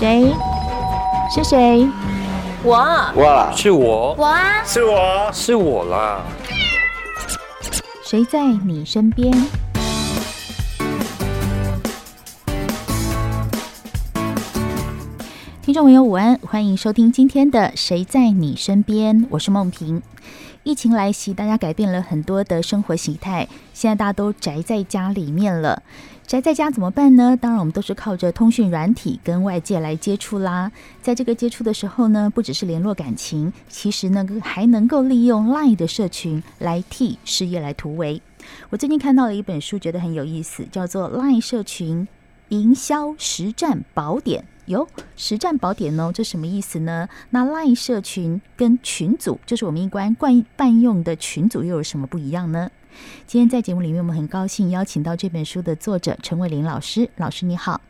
誰？是誰？我。我是我。我、啊、是我是我啦。誰在你身邊？聽眾朋友，午安，歡迎收聽今天的《誰在你身邊》，我是孟平。疫情來襲，大家改變了很多的生活形態，現在大家都宅在家裡面了。宅在家怎麼辦呢？當然，我們都是靠着通訊軟體跟外界來接觸啦。在這個接觸的時候呢，不只是聯絡感情，其實呢還能夠利用 LINE 的社群來替事業來突圍。我最近看到了一本書，覺得很有意思，叫做《LINE 社群營銷實戰寶典》。喲，實戰寶典哦，這什麼意思呢？那 LINE 社群跟群組，就是我們一般慣慣用的群組，又有什麼不一樣呢？今天在節目裡面，我們很高興邀請到這本書的作者陳韋霖老師。老師你好。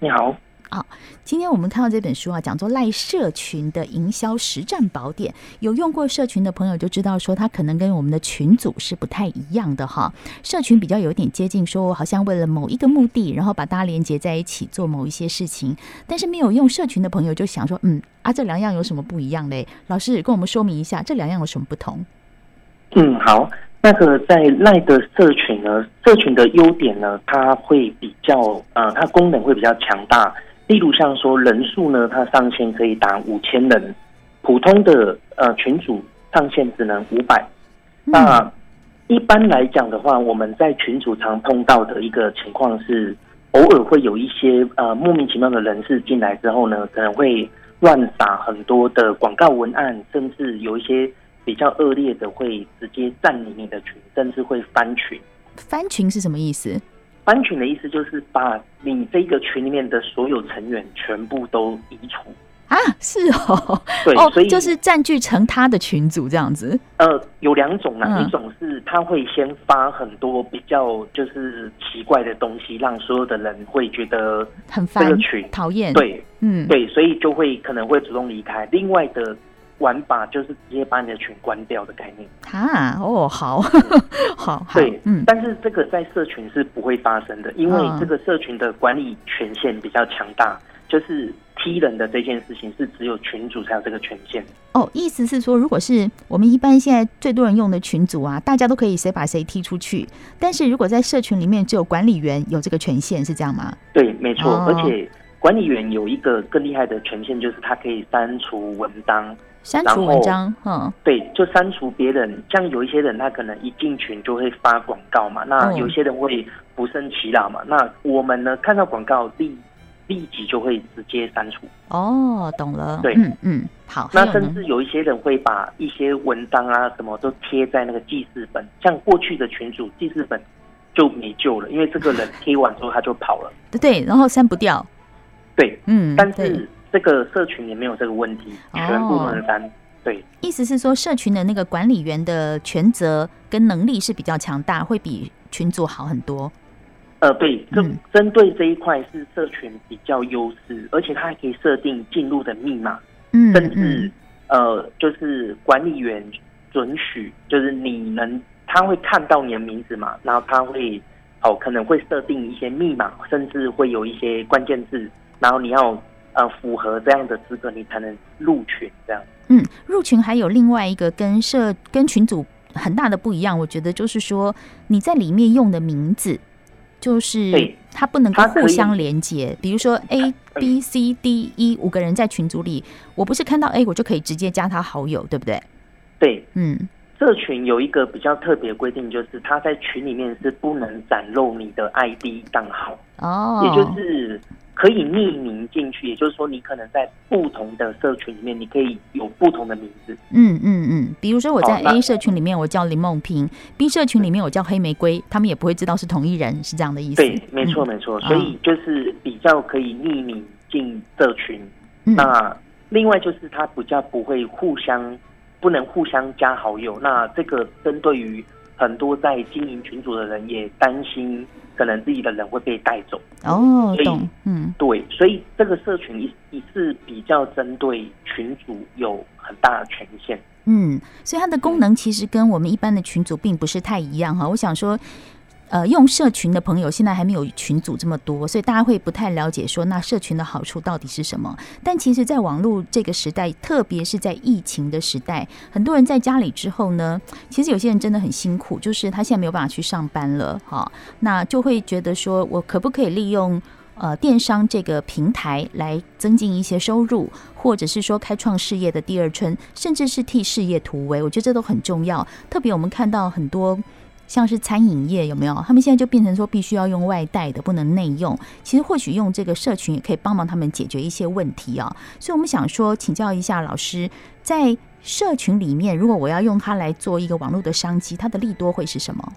你好。好、哦，今天我們看到這本書啊，講做《賴社群的營銷實戰寶典》。有用過社群的朋友就知道，說它可能跟我們的群組是不太一樣的哈。社群比較有點接近說，說我好像為了某一個目的，然後把大家連接在一起做某一些事情。但是沒有用社群的朋友就想說，嗯，啊，這兩樣有什麼不一樣嘞？老師跟我們說明一下，這兩樣有什麼不同？嗯，好。那個在 LINE 的社群呢，社群的優點呢，它會比較，呃，它功能會比較強大。例如像說人數呢，它上限可以達五千人，普通的呃群組，上限只能五百。那、呃嗯、一般來講的話，我們在群組常碰到的一個情況是，偶爾會有一些呃莫名其妙的人士進來之後呢，可能會亂撒很多的廣告文案，甚至有一些。比較惡劣的會直接佔領你的群，甚至會翻群。翻群是什麼意思？翻群的意思就是把你這個群裡面的所有成員全部都移除啊！是哦，對，哦、所以就是佔據成他的群組這樣子。呃，有兩種呢、嗯、一種是他會先發很多比較就是奇怪的東西，讓所有的人會覺得很煩這個群，討厭煩。對，嗯，對，所以就會可能會主動離開。另外的。玩法就是直接把你的群關掉的概念哈哦好 好好對嗯，但是這個在社群是不會發生的，因為這個社群的管理權限比較強大，就是踢人的這件事情是只有群主才有這個權限。哦，意思是說，如果是我們一般現在最多人用的群組啊，大家都可以誰把誰踢出去，但是如果在社群裡面只有管理員有這個權限，是這樣嗎？對，沒錯，哦、而且管理員有一個更厲害的權限，就是他可以刪除文章。刪除文章，對，就刪除別人。像有一些人，他可能一進群就會發廣告嘛。哦、那有些人會不勝其擾嘛。那我們呢，看到廣告立立即就會直接刪除。哦，懂了。對，嗯嗯，好。那甚至有一些人會把一些文章啊什麼都貼在那個記事本。像過去的群組，記事本就沒救了，因為這個人貼完之後他就跑了。對對，然後刪不掉。對，嗯，但是。這個社群也沒有這個問題，全部買單。哦、對，意思是說，社群的那個管理員的權責跟能力是比較強大，會比群組好很多。呃，對，針針對這一塊是社群比較優勢，嗯、而且它還可以設定進入的密碼，嗯，甚至呃，就是管理員准許，就是你能，他會看到你的名字嘛，然後他會，哦，可能會設定一些密碼，甚至會有一些關鍵字，然後你要。呃、啊，符合這樣的資格，你才能入群。這樣，嗯，入群還有另外一個跟社跟群組很大的不一樣，我覺得就是說你在裡面用的名字，就是它不能夠互相連接。比如說 A 他 B C D E 五他個人在群組裡，我不是看到 A，我就可以直接加他好友，對不對？對，嗯，社群有一個比較特別的規定，就是他在群裡面是不能展露你的 ID 賬號哦，也就是。可以匿名進去，也就是說，你可能在不同的社群裡面，你可以有不同的名字。嗯嗯嗯，比如說我在 A 社群裡面我叫林夢萍、oh, 那，B 社群裡面我叫黑玫瑰，他們也不會知道是同一人，是這樣的意思。對，沒錯沒錯。所以就是比較可以匿名進社群。嗯、那另外就是他比較不會互相，不能互相加好友。那這個針對於。很多在經營群組的人也擔心，可能自己的人會被帶走。哦，所以，懂嗯，對，所以這個社群也也是比較針對群組有很大的權限。嗯，所以它的功能其實跟我們一般的群組並不是太一樣哈。我想說。呃，用社群的朋友現在還沒有群組這麼多，所以大家會不太了解說，那社群的好處到底是什麼。但其實，在網絡這個時代，特別是在疫情的時代，很多人在家裡之後呢，其實有些人真的很辛苦，就是他現在沒有辦法去上班了哈，那就會覺得說我可不可以利用呃電商這個平台來增進一些收入，或者是說開創事業的第二春，甚至是替事業突圍，我覺得這都很重要。特別我們看到很多。像是餐飲業有沒有？他們現在就變成說必須要用外帶的，不能內用。其實或許用這個社群也可以幫忙他們解決一些問題啊、喔。所以我們想說，請教一下老師，在社群裡面，如果我要用它來做一個網絡的商機，它的利多會是什麼？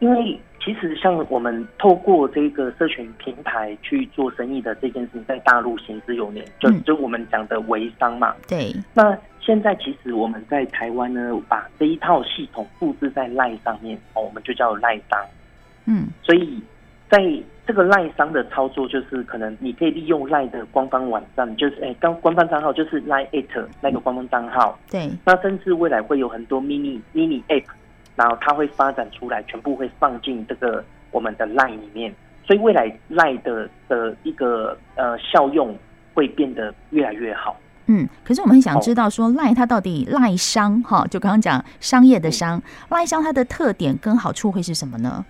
因為其實像我們透過這個社群平台去做生意的這件事情，在大陸行之有年，就、嗯、就我們講的微商嘛。對，那。現在其實我們在台灣呢，把這一套系統複製在 LINE 上面哦，我們就叫 LINE 商。嗯，所以在這個 LINE 商的操作，就是可能你可以利用 LINE 的官方網站，就是誒、哎，剛官方賬號就是 LINE@ 那個官方賬號。對。那甚至未來會有很多 mini, mini mini app，然後它會發展出來，全部會放進這個我們的 LINE 裡面。所以未來 LINE 的的一個呃效用會變得越來越好。嗯，可是我們很想知道說，賴它到底賴商哈、哦哦？就剛剛講商業的商，賴、嗯、商它的特點跟好處會是什麼呢？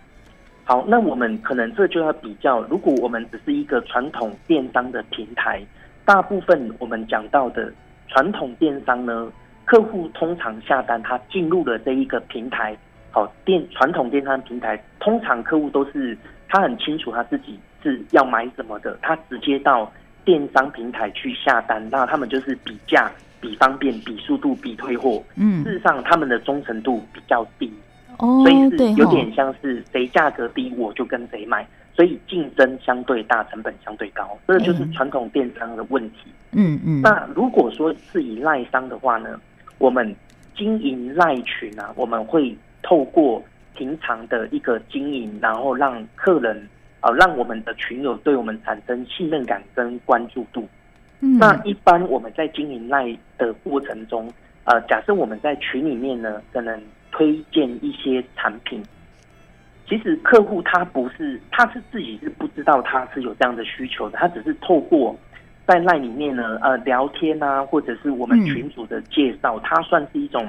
好，那我們可能這就要比較。如果我們只是一個傳統電商的平台，大部分我們講到的傳統電商呢，客戶通常下單，他進入了這一個平台，好、哦、電傳統電商平台，通常客戶都是他很清楚他自己是要買什麼的，他直接到。電商平台去下單，那他們就是比價、比方便、比速度、比退貨。嗯，事實上他們的忠誠度比較低，哦、嗯，所以是有點像是誰價格低我就跟誰買，所以競爭相對大，成本相對高。這就是傳統電商的問題。嗯嗯。那如果說是以賴商的話呢，我們經營賴群啊，我們會透過平常的一個經營，然後讓客人。好，讓我們的群友對我們產生信任感跟關注度。那一般我們在經營 LINE 的過程中，呃，假設我們在群裡面呢，可能推薦一些產品。其實客戶他不是，他是自己是不知道他是有這樣的需求的，他只是透過在 LINE 裡面呢，呃，聊天啊，或者是我們群主的介紹，嗯，他算是一種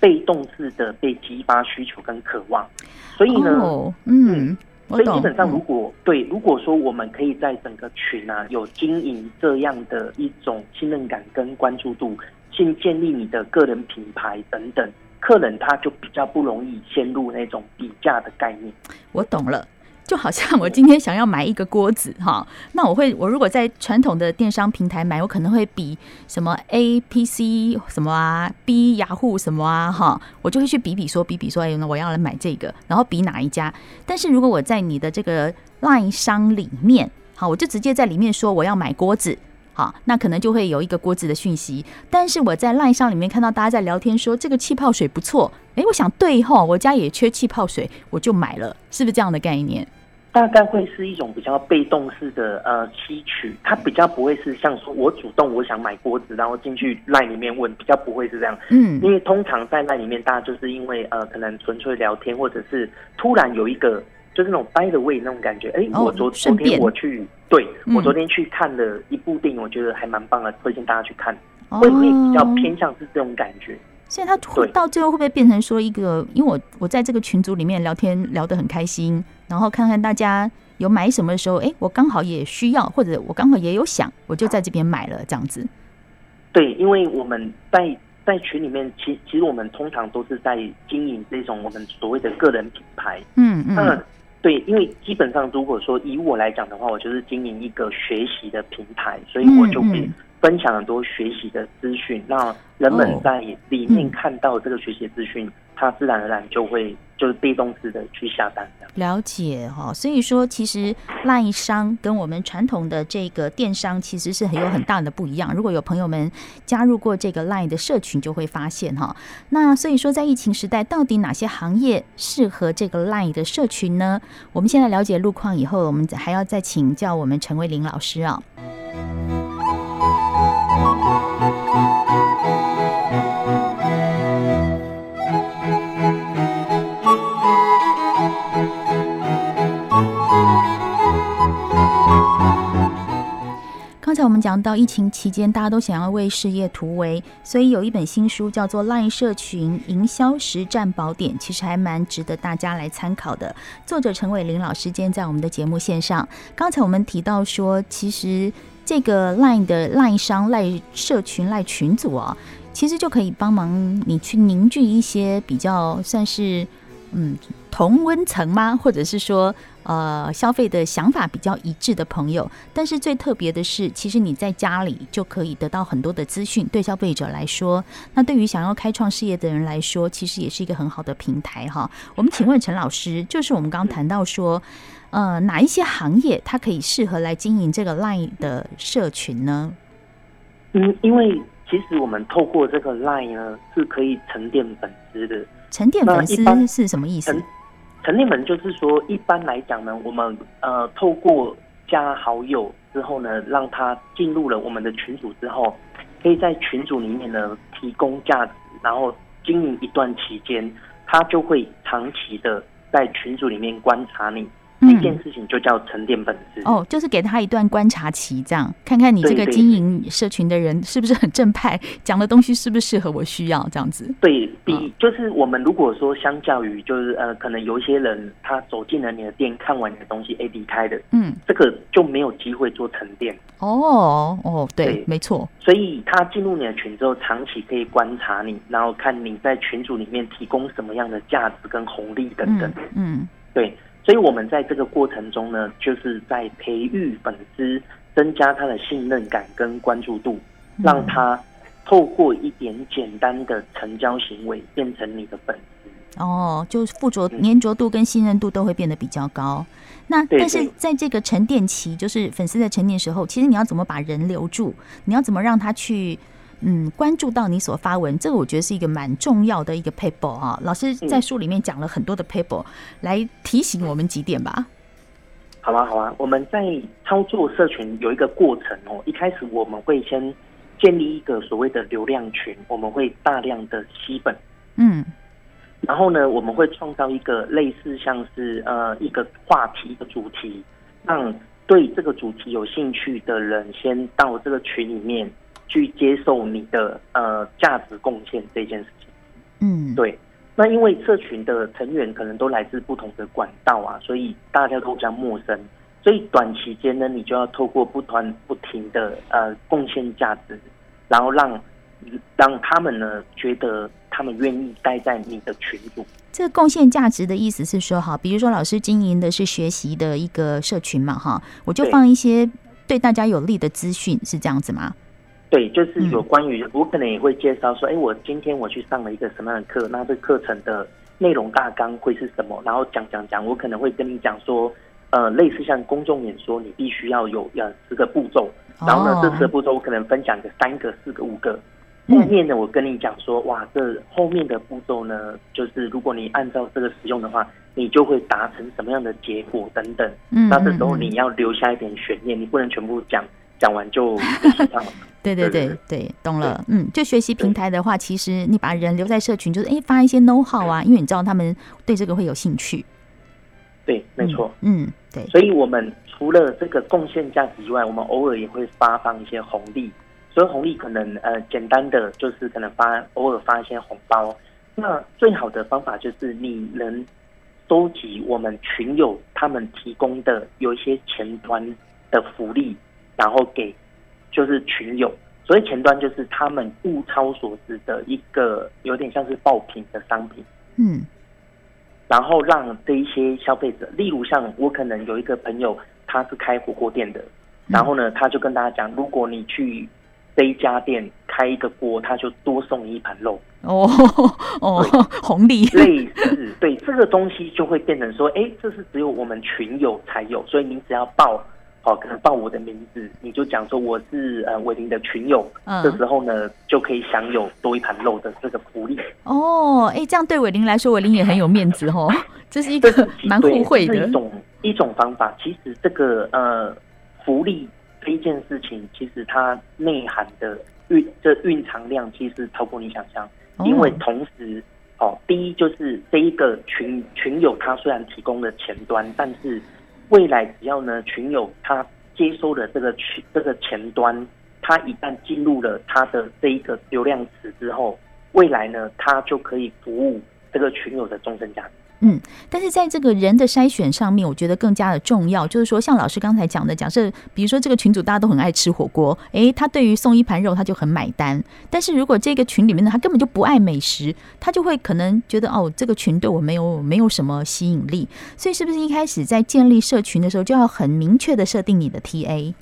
被動式的被激發需求跟渴望。所以呢，哦，嗯。嗯嗯、所以基本上，如果對，如果說我們可以在整個群啊有經營這樣的一種信任感跟關注度，先建立你的個人品牌等等，客人他就比較不容易陷入那種比價的概念。我懂了。就好像我今天想要買一個鍋子哈,那我會我如果在傳統的電商平台買，我可能會比什麼 APC 什麼啊，B 雅虎、ah、什麼啊哈，我就會去比比說比比說，哎，那我要來買這個，然後比哪一家。但是如果我在你的這個 LINE 商裡面，好，我就直接在裡面說我要買鍋子，好，那可能就會有一個鍋子的訊息。但是我在 LINE 商裡面看到大家在聊天說這個氣泡水不錯，哎、欸，我想對吼，我家也缺氣泡水，我就買了，是不是這樣的概念？大概會是一種比較被動式的呃吸取，它比較不會是像說我主動我想買鍋子，然後進去 LINE 裡面問，比較不會是這樣。嗯，因為通常在 LINE 裡面，大家就是因為呃，可能純粹聊天，或者是突然有一個就是那種 by the way 那種感覺。哎、欸，我昨、哦、昨，昨天我去，邊對、嗯、我昨天去看了一部電影，我覺得還蠻棒的，推薦大家去看。會不會比較偏向是這種感覺？哦所以他到最後會不會變成說一個？對因為我我在這個群組裡面聊天聊得很開心，然後看看大家有買什麼的時候，哎、欸，我剛好也需要，或者我剛好也有想，我就在這邊買了這樣子。對，因為我們在在群裡面，其實其實我們通常都是在經營這種我們所謂的個人品牌。嗯嗯。那、嗯嗯、對，因為基本上如果說以我來講的話，我就是經營一個學習的平台，所以我就會。嗯嗯分享很多學習的資訊，那人們在裡面看到這個學習資訊，他、哦嗯、自然而然就會就是被動式的去下單的。了解哈，所以說其實 Line 商跟我們傳統的這個電商其實是很有很大的不一樣。如果有朋友們加入過這個 Line 的社群，就會發現哈。那所以說在疫情時代，到底哪些行業適合這個 Line 的社群呢？我們現在了解路況以後，我們還要再請教我們陳韋霖老師啊。在我們講到疫情期間，大家都想要為事業突圍，所以有一本新書叫做《賴社群營銷實戰寶典》，其實還蠻值得大家來參考的。作者陳韋霖老師今天在我們的節目線上。剛才我們提到說，其實這個 Line 的 Line 商、LINE 社群、LINE 群組啊，其實就可以幫忙你去凝聚一些比較算是嗯同溫層嗎？或者是說？呃，消費的想法比較一致的朋友，但是最特別的是，其實你在家裡就可以得到很多的資訊。對消費者來說，那對於想要開創事業的人來說，其實也是一個很好的平台哈。我們請問陳老師，就是我們剛剛談到說，呃，哪一些行業它可以適合來經營這個 LINE 的社群呢？嗯，因為其實我們透過這個 LINE 呢，是可以沉澱粉絲的。沉澱粉絲是什麼意思？陳立門就是說，一般來講呢，我們呃透過加好友之後呢，讓他進入了我們的群組之後，可以在群組裡面呢提供價值，然後經營一段期間，他就會長期的在群組裡面觀察你。那、嗯、件事情就叫沉澱本質哦，就是給他一段觀察期，這樣看看你這個經營社群的人是不是很正派，講的東西是不是適合我需要這樣子。對，比、哦、就是我們如果說相較於就是呃，可能有一些人他走進了你的店，看完你的東西，A B 開的，嗯，這個就沒有機會做沉澱。哦哦，對，對沒錯錯。所以他進入你的群之後，長期可以觀察你，然後看你在群組裡面提供什麼樣的價值跟紅利等等。嗯，嗯對。所以，我們在這個過程中呢，就是在培育粉絲，增加他的信任感跟關注度，讓他透過一點簡單的成交行為，變成你的粉絲、嗯。哦，就是附着黏著度跟信任度都會變得比較高。嗯、那但是在這個沉澱期，就是粉絲在沉澱時候，其實你要怎麼把人留住？你要怎麼讓他去？嗯，關注到你所發文，這個我覺得是一個蠻重要的一個 paper 哈、啊。老師在書裡面講了很多的 paper，、嗯、來提醒我們幾點吧。好啊，好啊。我們在操作社群有一個過程哦。一開始我們會先建立一個所謂的流量群，我們會大量的吸本。嗯，然後呢，我們會創造一個類似像是呃一個話題一個主題，讓對這個主題有興趣的人先到這個群裡面。去接受你的呃價值貢獻這件事情，嗯，對。那因為社群的成員可能都來自不同的管道啊，所以大家都比較陌生，所以短期間呢，你就要透過不斷不停的呃貢獻價值，然後讓讓他們呢覺得他們願意待在你的群組。這個貢獻價值的意思是說，哈，比如說老師經營的是學習的一個社群嘛，哈，我就放一些對大家有利的資訊，是這樣子嗎？對，就是有關於、嗯、我可能也會介紹說，哎，我今天我去上了一個什麼樣的課，那這課程的內容大綱會是什麼？然後講講講，我可能會跟你講說，呃，類似像公眾演說，你必須要有要十個步驟，然後呢，哦、這十個步驟我可能分享個三個、四個、五個。後面呢，嗯、我跟你講說，哇，這後面的步驟呢，就是如果你按照這個使用的話，你就會達成什麼樣的結果等等。嗯、嗯、嗯，那這時候你要留下一點懸念，你不能全部講。講完就 對對對對，對，懂了。嗯，就學習平台的話，對其實你把人留在社群，就是哎發一些 know-how 啊，對因為你知道他們對這個會有興趣。對，沒錯。嗯，嗯，對。所以，我們除了這個貢獻價值以外，我們偶爾也會發放一些紅利。所以，紅利可能呃，簡單的就是可能發偶爾發一些紅包。那最好的方法就是你能收集我們群友他們提供的有一些前端的福利。然後給就是群友，所以前端就是他們物超所值的一個有點像是爆品的商品，嗯，然後讓這一些消費者，例如像我可能有一個朋友他是開火鍋店的，然後呢他就跟大家講，如果你去這一家店開一個鍋，他就多送你一盤肉哦哦，紅利類似對這個東西就會變成說，哎，這是只有我們群友才有，所以你只要報。好、哦，可能報我的名字，你就講說我是呃韋霖的群友，啊、這時候呢就可以享有多一盤肉的這個福利哦。哎，這樣對韋霖來說，韋霖也很有面子哦。這是一個蠻互惠的一種一種方法。其實這個呃福利這一件事情，其實它內涵的蘊這蘊藏量其實超過你想象。哦、因為同時，哦，第一就是這一個群群友他雖然提供了前端，但是。未來只要呢，群友，他接收了這個群、這個前端，他一旦進入了他的這一個流量池之後，未來呢，他就可以服務這個群友的終身價值。嗯，但是在這個人的篩選上面，我覺得更加的重要，就是說像老師剛才講的，假設比如說這個群組大家都很愛吃火鍋，誒，他對於送一盤肉他就很買單，但是如果這個群裡面呢，他根本就不愛美食，他就會可能覺得哦，這個群對我沒有沒有什麼吸引力，所以是不是一開始在建立社群的時候就要很明確的設定你的 TA？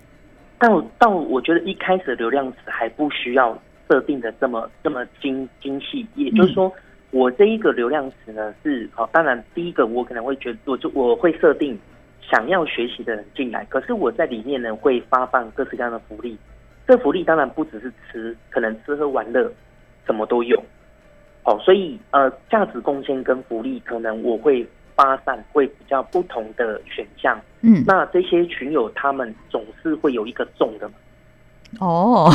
但我但我覺得一開始流量還不需要設定的這麼這麼精精細，也就是說。嗯我這一個流量池呢，是好、哦，當然第一個我可能會覺得，我就我會設定想要學習的人進來。可是我在裡面呢會發放各式各樣的福利，這福利當然不只是吃，可能吃喝玩樂什麼都有，好、哦，所以呃價值貢獻跟福利，可能我會發散會比較不同的選項，嗯，那這些群友他們總是會有一個重的嘛。哦，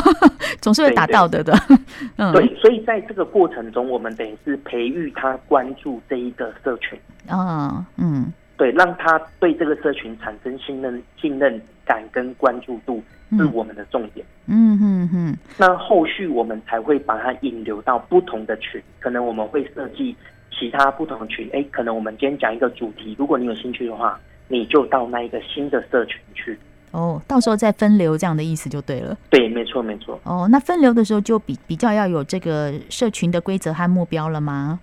總是會打道德的，對對對，嗯，對，所以在這個過程中，我們等於是培育他關注這一個社群啊、哦，嗯，對，讓他對這個社群產生信任、信任感跟關注度是我們的重點，嗯嗯嗯。嗯哼哼，那後續我們才會把他引流到不同的群，可能我們會設計其他不同的群，哎、欸，可能我們今天講一個主題，如果你有興趣的話，你就到那一個新的社群去。哦，到時候再分流，這樣的意思就對了。對，沒錯，沒錯。哦，那分流的時候就比比較要有這個社群的規則和目標了嗎？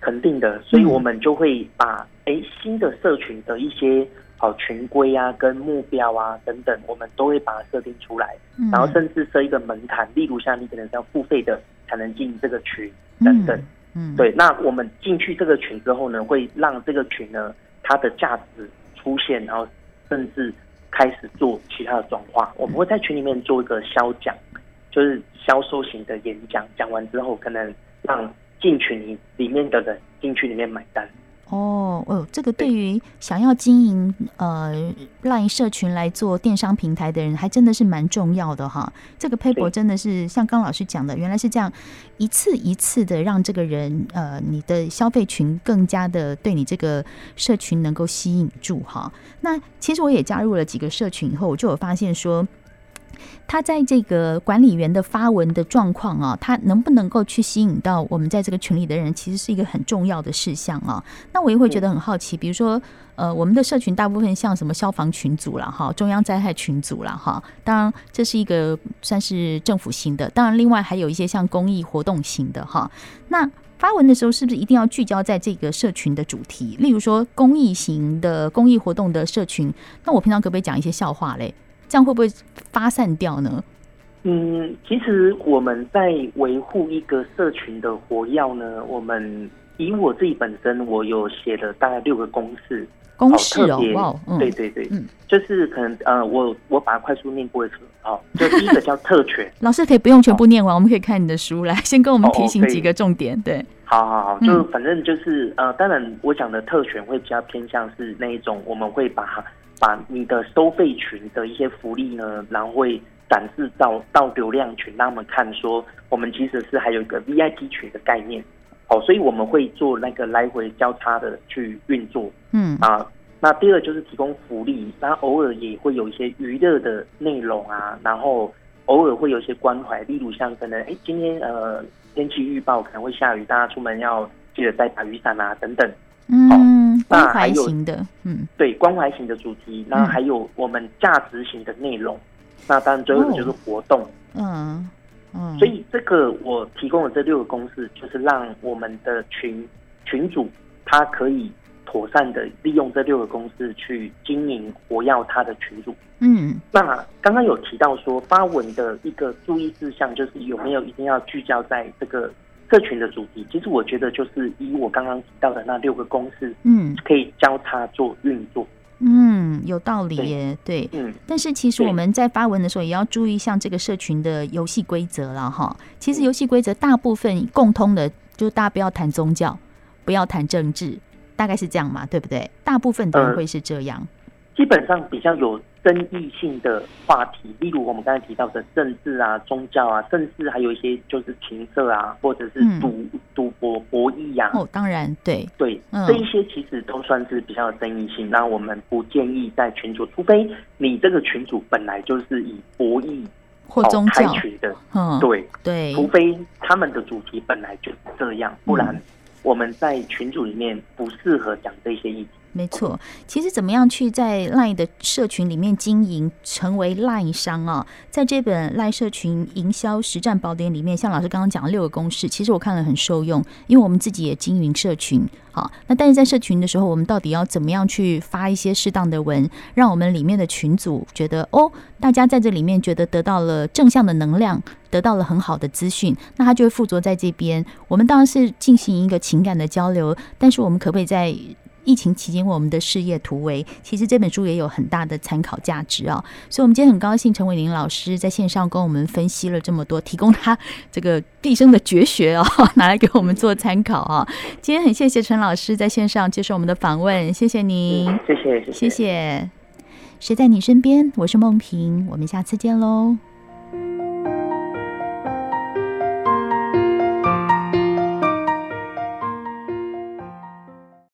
肯定的，所以我們就會把、嗯、誒新的社群的一些好、哦、群規啊、跟目標啊等等，我們都會把它設定出來。嗯，然後甚至設一個門檻，例如像你可能要付費的才能進這個群等等。嗯，嗯對。那我們進去這個群之後呢，會讓這個群呢它的價值出現，然後甚至，開始做其他的轉化，我們會在群裡面做一個銷講，就是銷售型的演講，講完之後可能讓進群裡面的人進去裡面買單。哦，哦，這個對於想要經營呃 LINE 社群來做電商平台的人，還真的是蠻重要的哈。這個 paper 真的是像剛老師講的，原來是這樣一次一次的讓這個人呃，你的消費群更加的對你這個社群能夠吸引住哈。那其實我也加入了幾個社群以後，我就有發現說。他在這個管理員的發文的狀況啊，他能不能夠去吸引到我們在這個群裡的人，其實是一個很重要的事項啊。那我也會覺得很好奇，比如說，呃，我們的社群大部分像什麼消防群組啦哈，中央災害群組啦哈。當然，這是一個算是政府型的，當然另外還有一些像公益活動型的哈。那發文的時候是不是一定要聚焦在這個社群的主題？例如說公益型的公益活動的社群，那我平常可不可以講一些笑話嘞？這樣會不會發散掉呢？嗯，其實我們在維護一個社群的活躍呢，我們以我自己本身，我有寫了大概六個公式，公式哦，哦哦嗯、對對對，嗯、就是可能呃，我我把它快速念過一次。好、哦，就第一個叫特權， 老師可以不用全部念完，哦、我們可以看你的書來，先跟我們提醒幾個重點。哦 okay、對，好好好，就、嗯、反正就是呃，當然我講的特權會比較偏向是那一種，我們會把。把你的收費群的一些福利呢，然後會展示到到流量群，讓我們看說，我們其實是還有一個 VIP 群的概念，好，所以我們會做那個來回交叉的去運作，嗯啊，那第二就是提供福利，然後偶爾也會有一些娛樂的內容啊，然後偶爾會有一些關懷，例如像可能，哎，今天呃天氣預報可能會下雨，大家出門要記得帶把雨傘啊，等等。嗯，哦、關懷型的，嗯，對，關懷型的主題，那還有我們價值型的內容，嗯、那當然最後就是活動，嗯、哦、嗯，哦、所以這個我提供的這六個公式，就是讓我們的群群主他可以妥善的利用這六個公式去經營活躍他的群主，嗯，那剛剛有提到說發文的一個注意事項，就是有沒有一定要聚焦在這個。社群的主題，其實我覺得就是以我剛剛提到的那六個公式，嗯，可以交叉做運作。嗯，有道理耶，對。對，嗯，但是其實我們在發文的時候，也要注意像這個社群的遊戲規則了哈。其實遊戲規則大部分共通的，嗯、就大家不要談宗教，不要談政治，大概是這樣嘛，對不對？大部分都會是這樣。呃、基本上比較有。爭議性的話題，例如我們剛才提到的政治啊、宗教啊，甚至還有一些就是情色啊，或者是賭賭、嗯、博博弈呀、啊。哦，當然，對對，嗯、這一些其實都算是比較有爭議性。那我們不建議在群組，除非你這個群組本來就是以博弈或宗教，哦、開群的，嗯，對對，對除非他們的主題本來就是這樣，不然，嗯、我們在群組裡面不適合講這些議題。沒錯，其實怎麼樣去在 LINE 的社群裡面經營，成為 LINE 商啊？在這本《LINE 社群營銷實戰寶典》裡面，像老師剛剛講的六個公式，其實我看了很受用，因為我們自己也經營社群。好，那但是在社群的時候，我們到底要怎麼樣去發一些適當的文，讓我們裡面的群組覺得哦，大家在這裡面覺得得到了正向的能量，得到了很好的資訊，那他就會附着在這邊。我們當然是進行一個情感的交流，但是我們可不可以在？疫情期間，為我們的事業突圍，其實這本書也有很大的參考價值啊、哦！所以，我們今天很高興，陳韋霖老師在線上跟我們分析了這麼多，提供他這個畢生的絕學哦，拿來給我們做參考啊、哦！今天很謝謝陳老師在線上接受我們的訪問，謝謝您、嗯，謝謝謝謝。誰在你身邊？我是夢萍，我們下次見嘍。